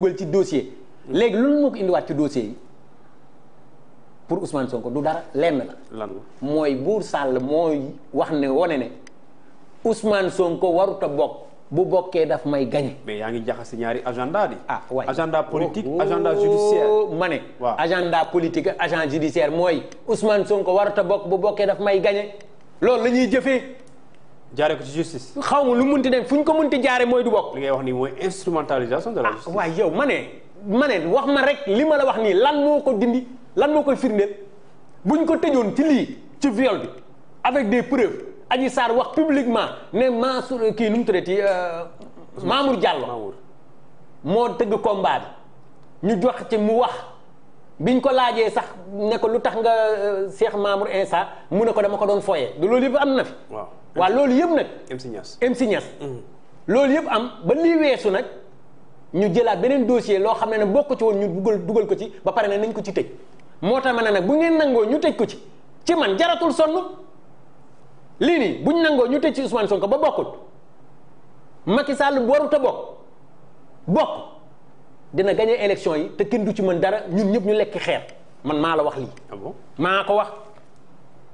dugal ci dossier léegi loolu moo ko indiwaat ci dossier yi pour Ousmane Sonko du dara lenn la mooy buur sàll mooy wax ne wone ne Ousmane Sonko warut a bokk bu bokkee dafa may gañe mais yaa ngi jaxase ñaari agenda di ah waay agenda politique oh, agenda judiciaire oh, ma ne agenda politique agent judiciaire mooy Ousmane Sonko warut a bokk bu bokkee daf may gañe loolu la jëfee jaaree ko ci justice. xaw ma lu munti dem fu ñu ko ti jaare mooy du bokk. li ngay wax nii mooy instrumentalisation de la ah, justice. ah waaye yow ma ne ma ne wax ma rek li ma la wax nii lan moo ko dindi lan moo koy firndeel bu ñu ko tëjoon ci lii ci viol bi avec des preuves Adji Sarr wax publiquement ne Mansour kii nu mu tuddati euh, Mamour Diallo moo tëgg combat bi ñu jox ci mu wax. biñ ko laajee sax ne ko lu tax nga euh, Cheikh Mamour Insa mu ne ko dama ko doon fooyee du loolu yëpp am na fi. waaw waaw loolu yëpp nag. MC Niass mm. loolu yëpp am ba lii weesu nag ñu jëlaat beneen dossier loo xam ne ne bokk woon ñu dugal dugal ko ci ba pare ne nañ ko ci tëj moo tax ma ne nag bu ngeen nangoo ñu tëj ko ci ci man jaratul sonn lii nii buñ nangoo ñu tëj ci Ousmane ko ba bokkul Macky Sall warut a bokk bokk. dina gagné élection yi te kenn du ci mën dara ñun ñëpp ñu lekk xeer man maa la wax lii. Ah maa ko wax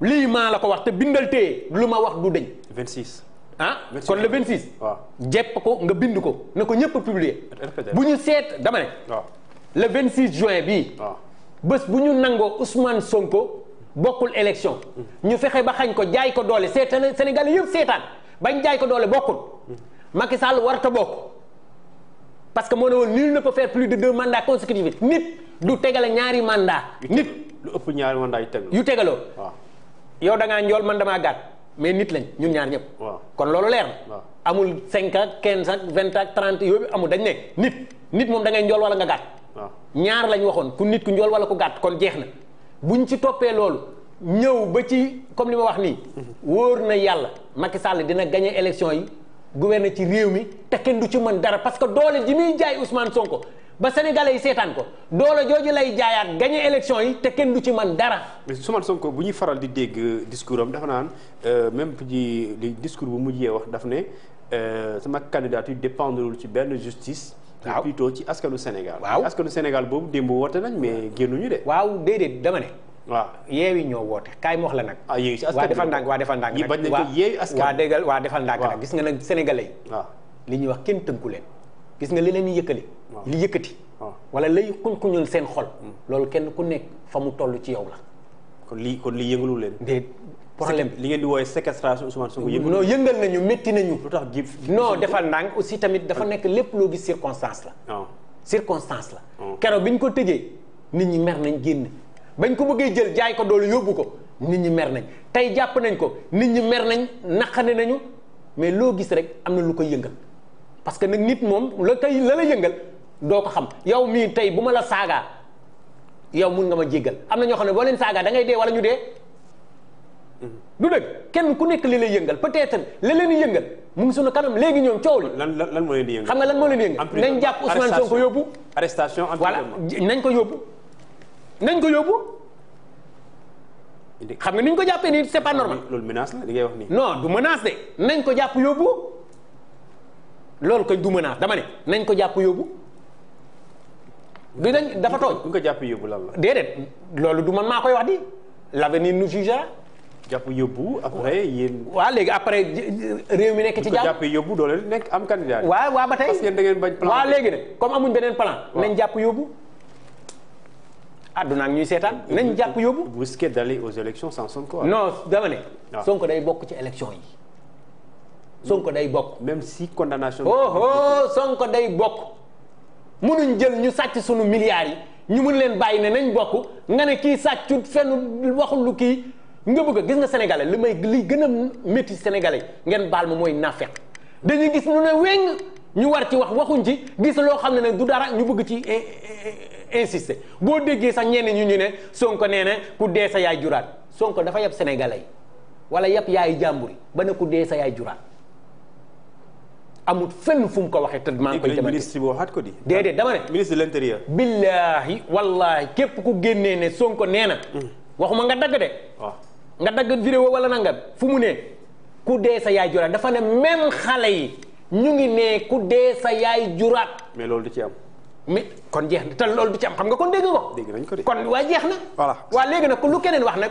lii maa la ko wax te bindal tee lu ma wax du deñ 26. ah kon le 26. waaw jepp ko nga bind ko ne ko ñëpp publier. bu ñu seet dama ne. le 26 juin bii. bës bu ñu nangoo Ousmane Sonko bokkul élection. Hmm. ñu fexe ba xañ ko jaay ko doole seetaan Sénégal yëpp seetaan bañ jaay ko doole bokkul. Hmm. Macky Sall warta bokk. parce que moo ne woon nul ne peut faire plus de deux mandats consécutifs nit du tegale ñaari mandat nit lu ëpp ñaari mandat yu tegaloo yu tegaloo yow dangaa ngaa njool man damaa gàtt mais nit lañ ñun ñaar ñëpp kon loolu leer na amul cinq ak quinze ak vingt trent trente yooyu amul dañ ne nit nit moom da ngay njool wala nga gàtt ñaar lañ waxoon ku nit ku njool wala ku gàtt kon jeex na bu buñ ci toppee loolu ñëw ba ci comme li ma wax nii wóor na yàlla Macky Sall dina gagné élection yi gouverner ci réew mi te kenn du ci mën dara parce que doole ji muy jaay Ousmane Sonko ba sénégalais yi seetaan ko doole jooju lay jaayaat gagné élection yi te kenn du ci man dara. mais Ousmane Sonko bu ñuy faral di dégg euh, discours am dafa naan euh, même ci li discours bu mujjee wax daf ne euh, sama candidature dépendrul ci benn justice. waaw plutôt ci askanu Sénégal. waaw askanu Sénégal boobu démb woote nañ mais ñu de. waaw déedéet dama ne. waaw yeewi ñoo woote kaay moox la nag ah, waa defal ndànk waa defal ndànk waa déggal waa defal gis nga nag sénégalais yi li ñu wax kenn ku leen gis nga li leen yëkkali li yëkkati wala lay xunxuñul seen xol hmm. loolu kenn ku nekk fa mu toll ci yow la kon lii kon lii yëngalu leen déet problème li ngeen di wooye séquestration Ousmane Sonko yëngal non yëngal nañu metti nañu lu tax jib non defal ndànk aussi tamit dafa hmm. nekk lépp loo gis circonstance la circonstance la hmm. keroog bi ñu ko tëjee nit ñi mer nañ génn bañ ko bëggee jël jaay ko doole yóbbu ko nit ñi mer nañ tey jàpp nañ ko nit ñi mer nañ naqane nañu mais loo gis rek am na lu ko yëngal parce que nag nit moom la koy la la yëngal doo ko xam yow mii tey bu ma la saagaa yow mun nga ma jéggal am na ñoo xam ne boo leen saagaa dangay ngay dee wala ñu dee du dëgg kenn ku nekk li lay yëngal peut-être li leen di yëngal mu ngi sunu kanam léegi ñoom coow li. la lan moo leen di yëngal xam nga lan moo leen yëngal. nañ jàpp Ousmane Sonko yóbbu. arrestation voilà nañ ko yóbbu. nañ ko yóbbu. xam nga ni ko jàppee nii c'est pas normal. loolu li ngay wax nii. non du menace de nañ ko jàpp yóbbu. loolu kañ du menace dama ne nañ ko jàpp yóbbu. du dañ dafa tooñ. du ko jàpp yóbbu la. déedéet loolu du man maa koy wax di l'avenir nous jugera. jàpp yóbbu après yéen. waaw léegi après réew mi nekk ci jàpp. jàpp doole nekk am candidat. waaw waaw ba tey parce que da ngeen bañ plan. waaw léegi comme amuñ beneen plan. nañ jàpp yóbbu. àdduna ak ñuy seetaan nañ jàpp yóbbu. vous risquez d'aller aux élections dama ne. Ah. Sonko day bokk ci élection yi. Sonko day bokk. même si condamnation. oh, oh day bokk. mënuñ jël ñu sàcc sunu milliards yi ñu mën leen bàyyi ne nañ bokk nga ne kii sàccut fenn waxul lu kii nga bëgg a gis nga sénégalais li may li gën a métti sénégalais ngeen baal ma mooy naafeq dañuy gis lu ne weng ñu war ci wax waxuñ ci gis loo xam ne nag du dara ñu bëgg ci. Eh, eh, eh, insister boo déggee sax ñenn ñu ñu ne Sonko nee na ku dee yaay juraat Sonko dafa yab sénégalais wala yab yaayu jàmbur yi ba ne ku dee sa yaay juraat amul fenn fu ko waxee. te maa ngi ko di. déedéet dama ne ministre de l'intérieur. billaahi wallaahi képp ku génnee ne Sonko nee na. Mm. waxuma nga dagg de. waaw wala nangam fu mu ne ku dee sa yaay juraat dafa ne même xale yi ñu ngi ne ku dee sa yaay juraat. mais loolu du ci am. mais kon jeex na te loolu du ci xam nga kon dégg nga ko. dégg nañ ko de kon waa jeex na. waa léegi nag ku lu keneen wax nag